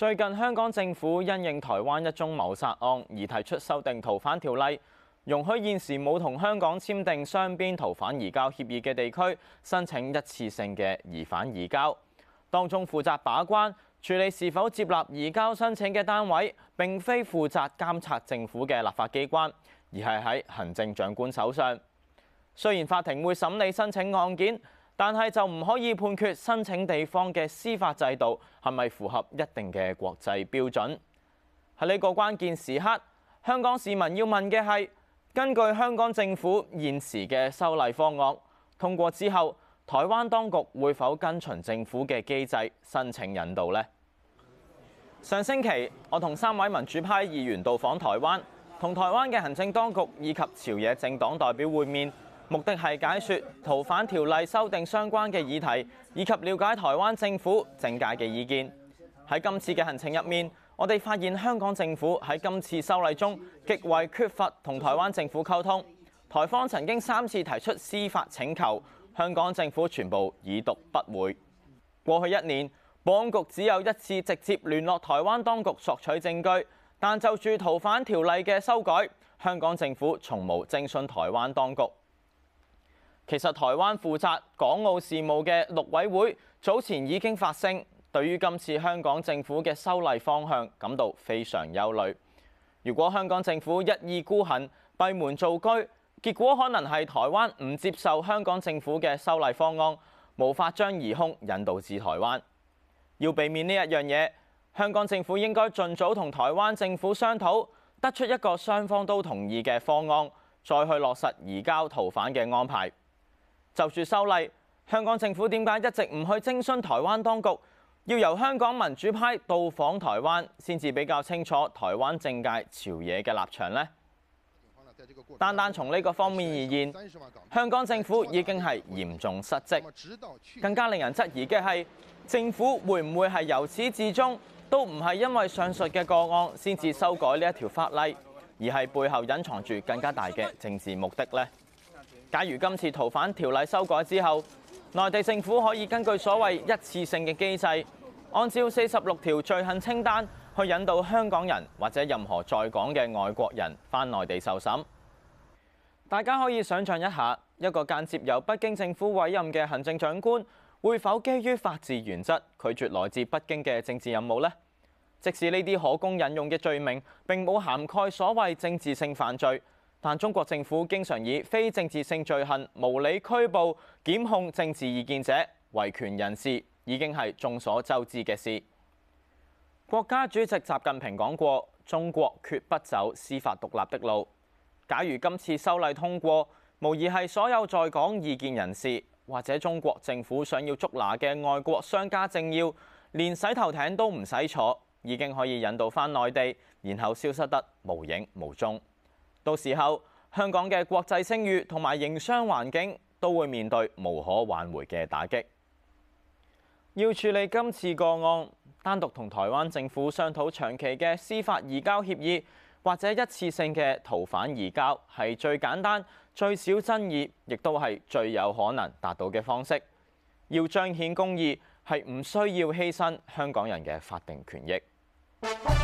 最近香港政府因應台灣一宗謀殺案而提出修訂逃犯條例，容許現時冇同香港簽訂雙邊逃犯移交協議嘅地區申請一次性嘅疑犯移交。當中負責把關處理是否接納移交申請嘅單位，並非負責監察政府嘅立法機關，而係喺行政長官手上。雖然法庭會審理申請案件，但係就唔可以判決申請地方嘅司法制度係咪符合一定嘅國際標準。喺呢個關鍵時刻，香港市民要問嘅係：根據香港政府現時嘅修例方案通過之後，台灣當局會否跟隨政府嘅機制申請引渡呢？上星期我同三位民主派議員到訪台灣，同台灣嘅行政當局以及朝野政黨代表會面。目的係解説逃犯條例修訂相關嘅議題，以及了解台灣政府政界嘅意見。喺今次嘅行程入面，我哋發現香港政府喺今次修例中極為缺乏同台灣政府溝通。台方曾經三次提出司法請求，香港政府全部已讀不回。過去一年，保安局只有一次直接聯絡台灣當局索取證據，但就住逃犯條例嘅修改，香港政府從無徵詢台灣當局。其實，台灣負責港澳事務嘅陸委會早前已經發聲，對於今次香港政府嘅修例方向感到非常憂慮。如果香港政府一意孤行、閉門造車，結果可能係台灣唔接受香港政府嘅修例方案，無法將疑兇引導至台灣。要避免呢一樣嘢，香港政府應該盡早同台灣政府商討，得出一個雙方都同意嘅方案，再去落實移交逃犯嘅安排。就住修例，香港政府點解一直唔去徵詢台灣當局？要由香港民主派到訪台灣先至比較清楚台灣政界朝野嘅立場咧。單單從呢個方面而言，香港政府已經係嚴重失職，更加令人質疑嘅係政府會唔會係由始至終都唔係因為上述嘅個案先至修改呢一條法例，而係背後隱藏住更加大嘅政治目的咧？假如今次逃犯條例修改之後，內地政府可以根據所謂一次性嘅機制，按照四十六條罪行清單去引渡香港人或者任何在港嘅外國人返內地受審。大家可以想像一下，一個間接由北京政府委任嘅行政長官，會否基於法治原則拒絕來自北京嘅政治任務呢？即使呢啲可供引用嘅罪名並冇涵蓋所謂政治性犯罪。但中國政府經常以非政治性罪行無理拘捕、檢控政治異見者、維權人士，已經係眾所周知嘅事。國家主席習近平講過，中國決不走司法獨立的路。假如今次修例通過，無疑係所有在港異見人士或者中國政府想要捉拿嘅外國商家政要，連洗頭艇都唔使坐，已經可以引導返內地，然後消失得無影無蹤。到時候，香港嘅國際聲譽同埋營商環境都會面對無可挽回嘅打擊。要處理今次個案，單獨同台灣政府商討長期嘅司法移交協議，或者一次性嘅逃犯移交，係最簡單、最少爭議，亦都係最有可能達到嘅方式。要彰顯公義，係唔需要犧牲香港人嘅法定權益。